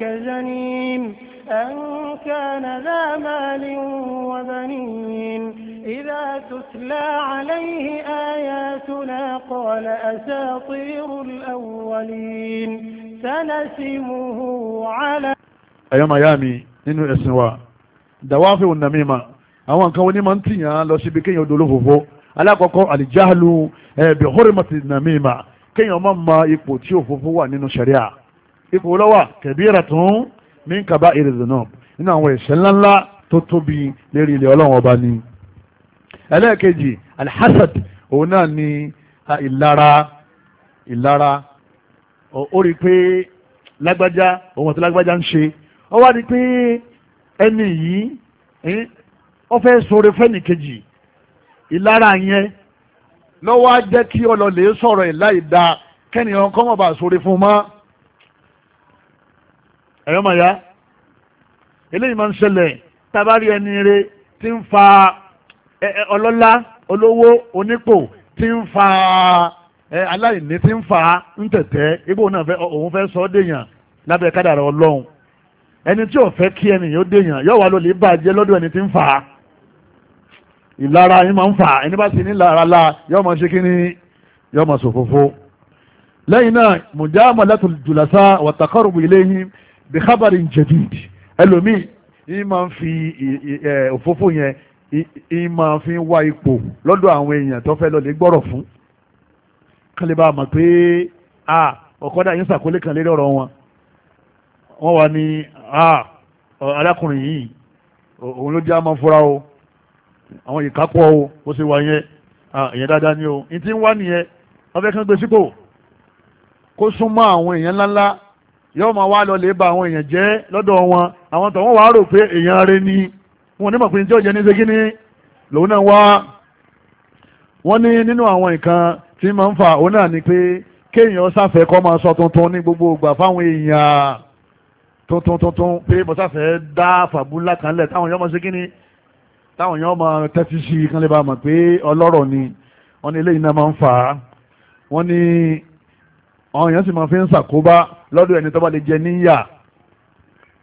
كزنيم أن كان ذا مال وبنين إذا تتلى عليه آياتنا قال أساطير الأولين سنسمه على أيام أيامي nínú ẹ̀sìn wa dàwáfẹ́ ònàmíma àwọn nǹkan wọn ní máa ń tìyàn lọ síbi kéèyàn odò olófòfó alákọ̀ọ́kọ́ àlìjáàlù ẹ̀ẹ́dẹ̀ hórémọ̀tì nàmíma kéèyàn má ma ipò tí òfófó wà nínú ṣẹ̀ríà ipò lọ́wà kẹ̀bíra tún ní kaba ìrìnà nínú àwọn ẹ̀ṣẹ̀ ńláńlá tó tóbi lérí ilẹ̀ ọlọ́run ọba ni. ẹlẹ́ẹ̀kejì alhassad òun náà ni ìlara ìlara ó rí i pé lágbájá òun àti lágbájá ń ṣe ó wá rí i pé ẹni yìí ó fẹ́ sọ̀rọ̀ fẹ́ni ìlara yẹn lọ́wọ́ á jẹ́ kí ọlọ́lẹ̀ sọ̀rọ̀ ẹ̀ láì dáa kẹ́nìyàn kọ́mọ̀bà sọ̀rọ̀ fún un mọ́ ẹ̀yọ́ màá yá eléyìí máa ń ṣẹlẹ̀ tábàárí ẹni rẹ ti ń fa ọlọ́lá olówó onípò ti ń fa aláìní ti ń fa ń tẹ̀tẹ̀ ibo náà fẹ́ òun fẹ́ sọ ọ́ dèèyàn lábẹ́ kádàrá ọlọ́run ẹni tí ò fẹ́ kí ẹni yóò dèèyàn yóò wá lólè bàjẹ́ lọ́dọ̀ ẹni ti ń fa ìlara yín máa ń fa ẹni bá sì ní lára la yóò máa ṣe kí ni yóò máa ṣòfófó lẹ́yìn náà mùjá mọ̀lẹ́tò jùlọ́sá wàtàkọ́rùbù ilé yín bí khabarin jadid ẹlòmíì yìí máa ń fi òfófó yẹn yìí máa fi wá ipò lọ́dọ̀ àwọn èèyàn tó fẹ́ lọ lè gbọ́rọ̀ fún kálí bá a mọ̀ pé a ọ̀kọ́dà yín sàkólé kan lérí ọ̀rọ̀ wọn wọ́n wà ní a arákùnrin yìí òun ló jẹ́ àmọ́ fúra o àwọn ìkápọ̀ o bó ṣe wà yẹn èèyàn dáadáa ni o ní ń wá nìyẹn wọ́n fẹ́ gbé sípò kó súnmọ́ àwọn èèyàn ńláńlá yóò máa wá lọ lè ba àwọn èèyàn jẹ́ lọ́dọ̀ wọn àwọn tọ̀wọ́n wàá rò pé èèyàn rẹ ni wọn ò ní mọ̀ pé tí ó jẹ ní ṣe kíní lòun náà wá wọ́n ní nínú àwọn nǹkan tí máa ń fa òun náà ni pé kéèyàn sáfẹ́ kọ́ máa sọ tuntun ní gbogbo ìgbà fáwọn èèyàn tuntun tuntun pé mo sáfẹ́ dá fàbúlà kan lẹ̀ táwọn èèyàn máa ṣe kíní táwọn èèyàn máa tẹ́tí sí i kan lè ba mọ̀ pé ọlọ́rọ̀ ni wọ́n ní eléyìí náà máa ń fà á wọ́n ní àwọn lọ́dọ̀ ẹni tó bá lè jẹ níyà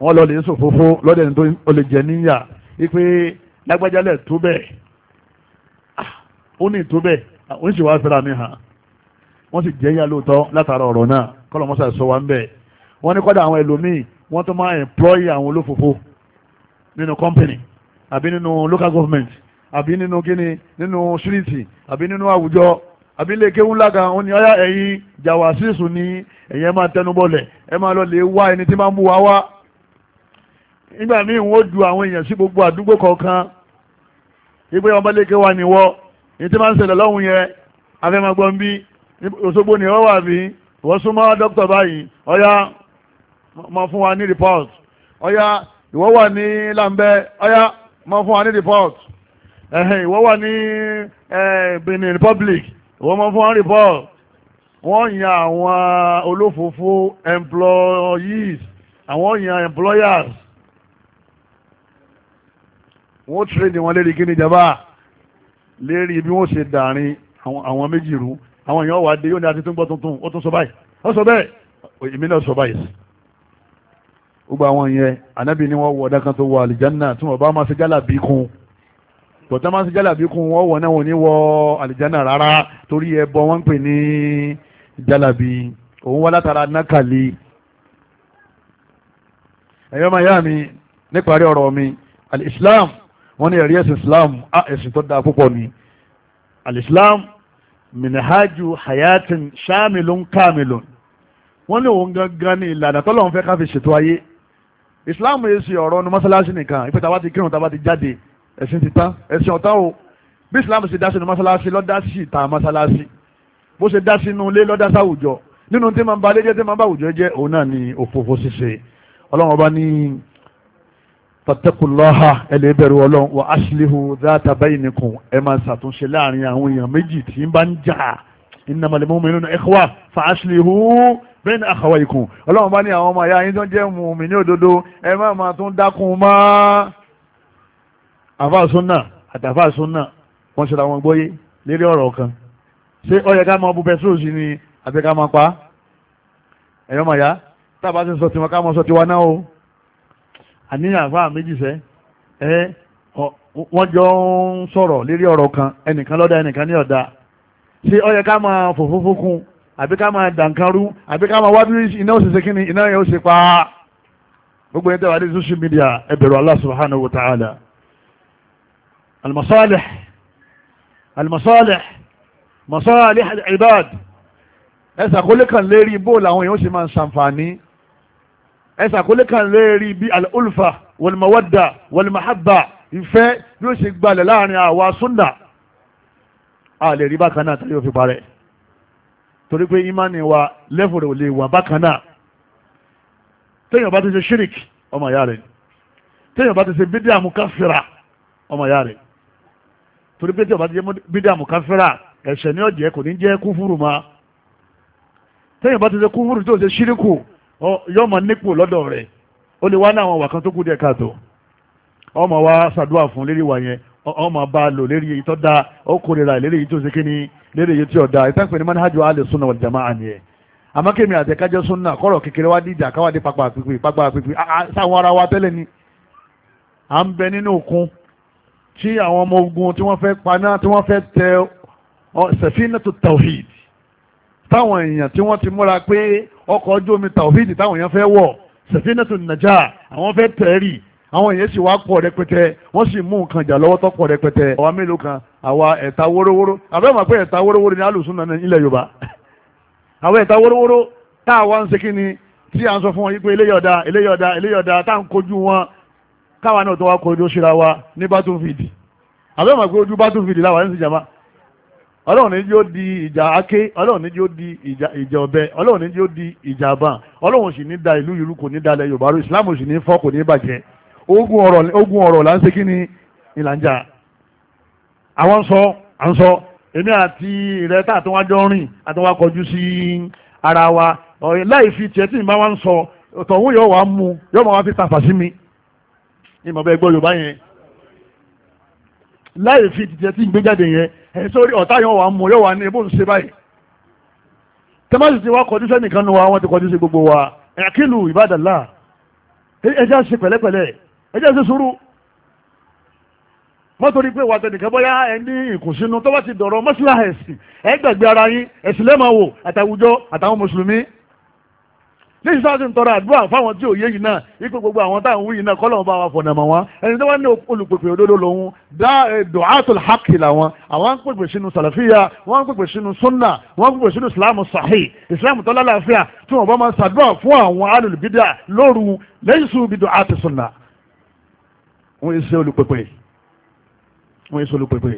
wọ́n lọ lè ń sòfófó lọ́dọ̀ ẹni tó lè jẹ níyà wípé lágbájálẹ̀ tó bẹ́ẹ̀ ah, ó ní tó bẹ́ẹ̀ ah, ó sì wá fẹ́ra mi hàn wọ́n sì jẹ́ yá lóòótọ́ látara ọ̀rọ̀ náà kọ́lọ̀ mọ́sà sọ wá ń bẹ̀ wọ́n ní kọ́dà àwọn ẹlòmíì wọ́n tó máa employ àwọn olófòfó nínú company àbí nínú local government àbí nínú kíni nínú street àbí nínú àwùjọ àbí ilé kéwú ńlá kan ó ní ọyá ẹ̀yin jàwásíìsù ni ẹ̀yin ẹ máa tẹnubọlẹ̀ ẹ máa lọ lè wá ẹni tí máa ń bú wa wá nígbà míì wọ́n ju àwọn èèyàn sí gbogbo àdúgbò kọ̀ọ̀kan ìgbé ọmọléke wa nìwọ ní tí máa ń ṣẹlẹ̀ lọ́hùn yẹn afẹ́mọ̀gbọ́n bí Òṣogbo ni wọ́n wà bí wọ́n súnmọ́ dókítà báyìí ọ̀yá máa fún wa ní report ọ̀yá ìwọ wà ní lambẹ́ ọ̀yá máa fún wa ní report ìwọ wà ní eh, Benin Republic wọ́n mọ́ fún report wọ́n yan àwọn olófòfó employees àwọn yan employers wọ́n tírèdì wọn lérí kíní jaba lérí bí wọ́n ṣe dàrin àwọn méjì rú àwọn èèyàn wà dé yóò ní àti tó ń gbọ́ tuntun ó tún sọ báyìí ó sọ bẹ́ẹ̀ èmi náà sọ báyìí sí gbogbo àwọn yẹn ànábì ni wọ́n wọ ọ̀dà kan tó wọ àlìjánná tí wọ́n bá máa ṣe jálà bí kún bọ̀tán máa ń ṣe jálàbí kún wọ́n wọ̀ náà wọ́n ní wọ àlìjánà rárá torí ẹbọ wọ́n ń pè ní jálàbí òun wá látara nákàlí ẹ̀yọ́ máa yá mi níparí ọ̀rọ̀ mi alìsílám wọ́n ní ẹ̀rí ẹ̀sìn islam á ẹ̀sìn tó dáa púpọ̀ ni alìsílám minhaju hayatin shamilun kamilun wọ́n ní òun gangan ní ìlànà tọ́lọ́run fẹ́ ká ṣètò ayé islam yìí ṣe ọ̀rọ̀ ní mọ́sálásí nìkan ìpè tá a ti kírun tá ti jáde ẹ̀sìn ti tán ẹ̀sìn ọ̀tá o bí islam ṣe dá sínú mọ́sálásí lọ́dá sí ìta mọ́sálásí bó ṣe dá sínú ilé lọ́dá sáwùjọ nínú tí máa ń ba ilé jẹ́ tí máa ń ba àwùjọ jẹ́ òun náà ni òfófó ṣíṣe ọlọ́run ọba ní fatakulaha ẹlẹ́ bẹ̀rù ọlọ́run wa aslihu dhata bainikum ẹ máa ṣàtúnṣe láàrin àwọn èèyàn méjì tí ń bá ń jà innamal mu'minuna ikhwa fa aslihu bayna akhawaykum ọlọ́run ọba ní àwọn ọmọ àyà yín tó jẹ́ mùmí ní òdodo ẹ má máa tún dákun máa àfa sunna àtàfa sunna wọ́n ṣe ra wọn gbóyé lérí ọ̀rọ̀ kan ṣé ó yẹ ká máa bu petrol sí ni àbí ká máa pa ẹ̀yọ́ mọ̀ yá tábà ti sọ tiwọn ká máa sọ tiwa náà o àníyàn àfa méjì sẹ́ ẹ wọ́n jọ ń sọ̀rọ̀ lérí ọ̀rọ̀ kan ẹnìkan lọ́dà ẹnìkan ní ọ̀dà ṣé ó yẹ ká máa fòfófó kún àbí ká máa dànkanrú àbí ká máa wábí iná òṣìṣẹ́ kí ni iná yẹn ó ṣe pa gbogbo yẹn tẹ́wàá dé social media ẹ bẹ̀rù Allah subhanahu wa ta'ala. المصالح المصالح مصالح العباد ẹsà kó lè kàn lérí bó làwọn èèyàn ṣe máa ń ṣàǹfààní ẹsà kó lè kàn lérí bí al-ulfa wal-mawadda wal-mahabba ìfẹ́ bí ó ṣe gbalẹ̀ láàrin àwa súnà a lè rí bákan náà tàbí òfin parẹ́ torí pé ìmánì wa lẹ́fù ò lè wà bákan náà téèyàn bá ti ṣe ṣíríkì ọmọ ìyá rẹ̀ téèyàn bá ti ṣe bídíà káfíra ọmọ ìyá rẹ̀ torí pé tí ọba ti jẹ́ bídàmù káfíra ni ọ ọ̀jẹ̀ kò ní jẹ́ kúfúrú ma tẹ́yìn bá ti ṣe kúfúrú tó ṣe ṣíríkù yọ ọmọ nípò lọ́dọ̀ rẹ̀ ó lè wá ní àwọn wàkan tó kú díẹ̀ káàtó ọmọ wa ṣàdúrà fún lérí wa yẹn ọmọ bá lò lérí èyí tó da ó kórira lérí èyí tó ṣe kíni lérí èyí tí ó da alẹ́ sunna jama'a nìyẹn àmọ́ sunna kọ́rọ̀ kékeré wá dìjà pápá pípé pápá pípé sáwọn ara wa tẹ́lẹ̀ tí àwọn ọmọ ogun tí wọ́n fẹ́ paná tí wọ́n fẹ́ tẹ safinatu tawhid táwọn èèyàn tí wọ́n ti múra pé ọkọ̀ ojú omi tawhid táwọn èèyàn fẹ́ wọ̀ safinatu naja àwọn fẹ́ tẹ̀rì àwọn èèyàn sì wá pọ̀ rẹpẹtẹ wọ́n sì mú nǹkan jà lọ́wọ́ tó pọ̀ rẹpẹtẹ àwa mélòó kan àwa ẹ̀ta wórówóró àbẹ́ mọ̀ pé ẹ̀ta wórówóró ni alùsùn náà ilẹ̀ yorùbá àwọn ẹ̀ta wórówóró tá a wá ń ṣe kí ni tí a ń sọ fún wọn yí pé eléyọ̀dá eléyọ̀dá eléyọ̀dá tá ń kojú wọn káwa náà tó wá kọjú síra wa ní battlefield àbẹ́ mọ̀ pé ojú battlefield láwa ní ìjàmbá ọlọ́run ní yóò di ìjà aké ọlọ́run ní yóò di ìjà ọ̀bẹ ọlọ́run ní yóò di ìjà àbá ọlọ́run sì ní da ìlú yìí rú kò ní dalẹ̀ yorùbá rú ìsìlámù sì ní fọ́ kò ní bàjẹ́ ogun ọ̀rọ̀ là ń ṣe kí ni ìlànjà àwọn sọ à ń sọ èmi àti rẹ tá àtúnwájọ rìn àtúnwákọjú sí ara wa láì fi tiẹ̀ tí ìbá wa ń sọ tọ̀hún yóò wá mú yóò máa wá fi tafà sí mi ní mọ̀ bẹ́ẹ̀ gbọ́ Yorùbá yẹn láì fi tìtẹ́ tí ń gbé jáde yẹn ẹ̀ sórí ọ̀tá yẹn wà mú yóò wà ní ebó ń ṣe báyìí tẹ́mọ́sì ti wá kọjú sẹ́nìkan nu wa wọ́n ti kọjú sí gbogbo wa ẹ̀kílù ìbádàlá ẹjẹ́ ṣe pẹ̀lẹ́pẹ̀lẹ́ ẹjẹ́ ṣe sùúrù mọ́tò rí pé wà tẹnìkan bóyá ẹ ní ìkùnsínú tó bá ti dọ̀rọ̀ mọ́síláhẹ̀sì ẹgbẹ̀gbẹ̀ ara yín ẹ̀sìn lẹ́mọ̀ wò àtàwùjọ àtàwọn mùsùlùmí lẹ́yìn sáà sì ń tọrọ àdúrà fáwọn tí òye yìí náà ipò gbogbo àwọn táwọn wúyìí náà kọ́lọ́n bá wa fọ̀nà mọ̀ wọn ẹni tó wá ní olùpèpè òdodo lòun dá du'atul haqqi làwọn àwọn ń pèpè sínú sàlàfíà wọ́n ń pèpè sínú sunna wọ́n ń pèpè sínú islam sahih islam tó lálàáfíà tí wọ́n bá máa ṣàdúrà fún àwọn alùbídà lóru lẹ́yìn sùn bí du'ati sunna. wọ́n yẹ ṣe olùpèpè wọ́n yẹ ṣe olùpèpè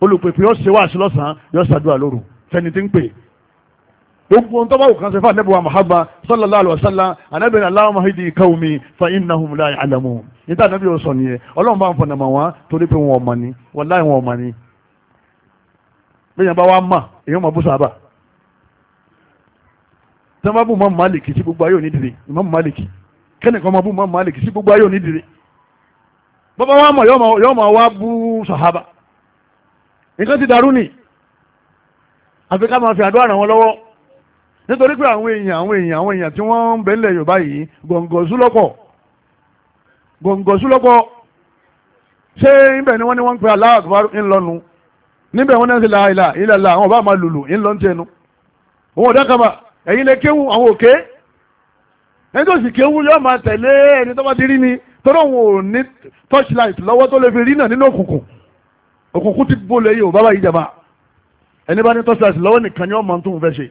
olùpèpè yóò ṣe wáàsí lọ́sàn-án yóò ṣàdúrà lóru fẹ́ni tí ń pè gbogbo ohun tó bá wù kan ṣe fún anabi wa muhammad sallallahu alaihi wa sallam anabi ni allahumma hidi qawmi fa innahum la ya'lamun níta anabi yóò sọ nìyẹn ọlọ́run bá ń fọ̀nà mọ̀ wọ́n torí pé wọn ò mọ̀ ni wallahi wọn ò ni bẹ́ẹ̀ yẹn bá wá mà èèyàn mọ̀ bó sábà tí wọ́n bá bú Imam Malik sí gbogbo ayé òní dìde Imam Malik kẹ́nìkan máa bú Imam Malik sí gbogbo ayé òní bọ́bá wa mọ̀ yọ́ mọ̀ wá bú sàhábà nítorí pé àwọn èèyàn àwọn èèyàn àwọn èèyàn tí wọ́n ń bẹ̀lẹ̀ yorùbá yìí gọ̀ǹgọ̀ súlọ́pọ̀ gọ̀ǹgọ̀ súlọ́pọ̀ ṣé ibẹ̀ ni wọ́n ní wọ́n ń pe Allahu Akbar ńlọnu níbẹ̀ wọ́n náà ti la ìlà ìlàlà àwọn ọba máa lùlù ńlọ́n tẹnu òun ọ̀dà kaba ẹ̀yin lè kéwù àwọn òkè ẹni tó sì kéwù yóò máa tẹ̀lé ẹni tó bá ti rí ni tọ́lọ́ òun ò ní torchlight lọ́wọ́ tó lè fi rí náà nínú òkùnkùn òkùnkùn ti bolè yìí ò bá jàmbá ẹni bá ní torchlight lọ́wọ́ nìkan ni wọ́n máa ń tó ń fẹ́ ṣe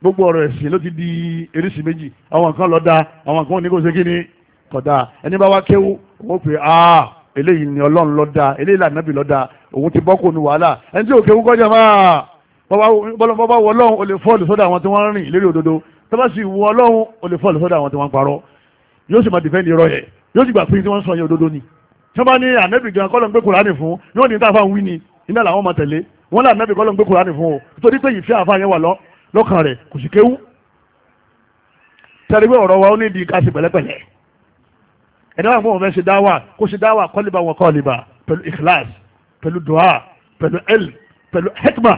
gbogbo ọ̀rọ̀ ẹ̀sìn ló ti di eréṣì méjì àwọn kan lọ da àwọn kan ò ní kó ṣe kí ni kódà ẹni bá wá kéwú wọ́n pè á eléyìí ni ọlọ́run ló dá eléyìí lànàbì ló dá òun ti bọ́kù ní wàhálà ẹni tí ò kéwú kọjá máa bọ́bá wọ ọlọ́run ò lè fọ́ọ̀lù sọ́dọ̀ àwọn tí wọ́n ń rìn lérí òdodo tó bá sì wọ ọlọ́run ò fọ́ọ̀lù sọ́dọ̀ àwọn tí wọ́n parọ́ yóò sì máa dìfẹ́ǹdì irọ́ yẹ yóò sì gbà pé tí wọ́n sọ yẹn òdodo ni tí wọ́n bá ní ànẹ́bì gan kọ́lọ́ ń gbé kùránì fún yóò ní táfà ń wí ni iná làwọn máa tẹ̀lé wọ́n lá ànẹ́bì kọ́lọ́ ń gbé kùránì fún o torí pé ìfẹ́ àfà yẹn wà lọ lọ́kàn rẹ̀ kò sì kéwú tẹ́lẹ̀ pé ọ̀rọ̀ wa ó ní ìdí ká sí pẹ̀lẹ́pẹ̀lẹ́ ẹni wà fún òun fẹ́ ṣe dáwà kó ṣe dáwà kọ́líbà wọn kọ́líbà pẹ̀lú ikhlas pẹ̀lú dua pẹ̀lú el pẹ̀lú hekma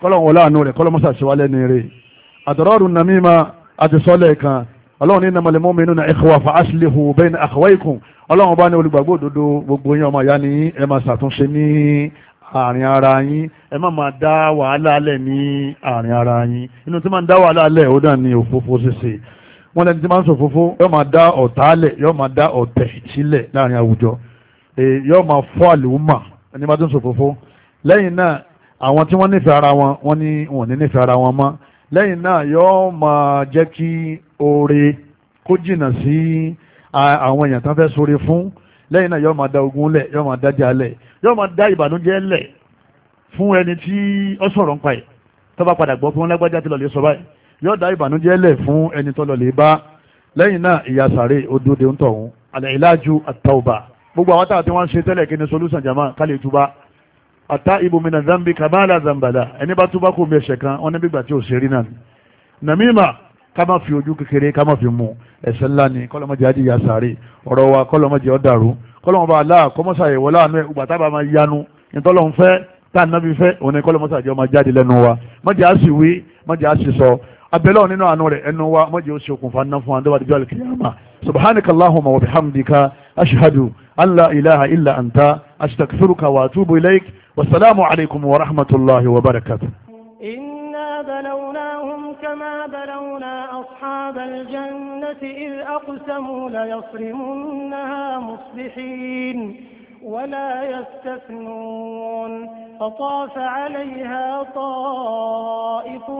kọ́lọ̀ wọn láàánú rẹ̀ kọ́lọ̀ mọ́sàsì wa lẹ́nu rẹ̀ àdọ̀rọ̀rùn namima àti sọ́lẹ̀ kan ọlọ́run ní nàmọ̀lẹ́ mọ́mí nínú ikhwa fa aslihu bayna akhawaykum ọlọ́run bá ní olùgbàgbọ́ òdodo gbogbo yín ọmọ ìyá ni ẹ máa ṣàtúnṣe ní àárín ara yín ẹ má máa dá wàhálà lẹ̀ ní àárín ara yín inú tí máa ń dá wàhálà lẹ̀ ó dàn ní òfófó ṣíṣe wọ́n lẹ́ni tí máa ń ṣòfófó yóò máa dá ọ̀tá lẹ̀ yóò máa dá ọ̀tẹ̀ sílẹ̀ láàrin àwùjọ yóò máa fọ́ àlùmọ̀ ẹni bá tó ń ṣòfófó lẹ́yìn náà àwọn tí wọ́n nífẹ̀ẹ́ ara wọn wọ́n ní wọn ní nífẹ̀ẹ́ ara wọn mọ́ lẹ́yìn náà yóò máa jẹ́ kí oore kó jìnnà sí àwọn èèyàn tán fẹ́ da ogun yóò máa dá ìbànújẹ́ lẹ̀ fún ẹni tí ó sọ̀rọ̀ ń pa ẹ̀ tó bá padà gbọ́ pé wọ́n lágbájá ti lọ́lẹ̀ sọ báyìí yóò dá ìbànújẹ́ lẹ̀ fún ẹni tó lọ́lẹ̀ bá lẹ́yìn náà ìyá sàárè odòdè ń tọ̀hún àlẹ́ ìlàjú àtàwùbà gbogbo àwọn táwọn tí wọ́n ń ṣe tẹ́lẹ̀ kí ni solúsàn jama kálí ìtúbá àtà ìbò zambi kàmáàlà zambala ẹni bá túbá kò mẹ́ṣẹ̀ kan wọ́n ní bígbà tí ò ṣe rí náà nàmímà ká má fi ojú kékeré ká má fi mu ẹ̀ṣẹ̀ ńlá ni kọ́lọ́mọdé adìyà sàárè ọ̀rọ̀ wa kọ́lọ́mọdé ọ̀dàrú kọ́lọ́mọba aláà kọ́mọ́sàyẹ̀wò láàánú ẹ̀ ìgbà tábà máa yanu ìtọ́lọ́hún fẹ́ tá a nábì fẹ́ òun ni kọ́lọ́mọ́sàjọ́ máa jáde lẹ́nu wa mọ́jà á sì wí mọ́jà á sì sọ abẹ́lẹ́ nínú àánú rẹ̀ ẹnu wa mọ́jà ó sì okùnfà ńná fún wa dọ́wà díjọ́ alìkìyàmà subhanaka wa bihamdika ashhadu an la ilaha illa anta astaghfiruka wa atubu ilaik wasalaamu alaykum wa rahmatulahi wa barakatuh. بلوناهم كما بلونا أصحاب الجنة إذ أقسموا ليصرمنها مصبحين ولا يستثنون فطاف عليها طائف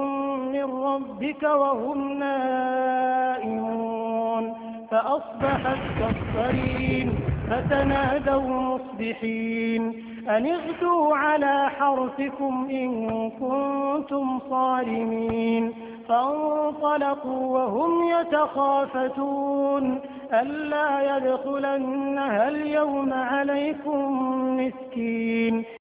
من ربك وهم نائمون فأصبحت كالصريم فتنادوا مصبحين أن اغدوا على حرثكم إن كنتم صارمين فانطلقوا وهم يتخافتون ألا يدخلنها اليوم عليكم مسكين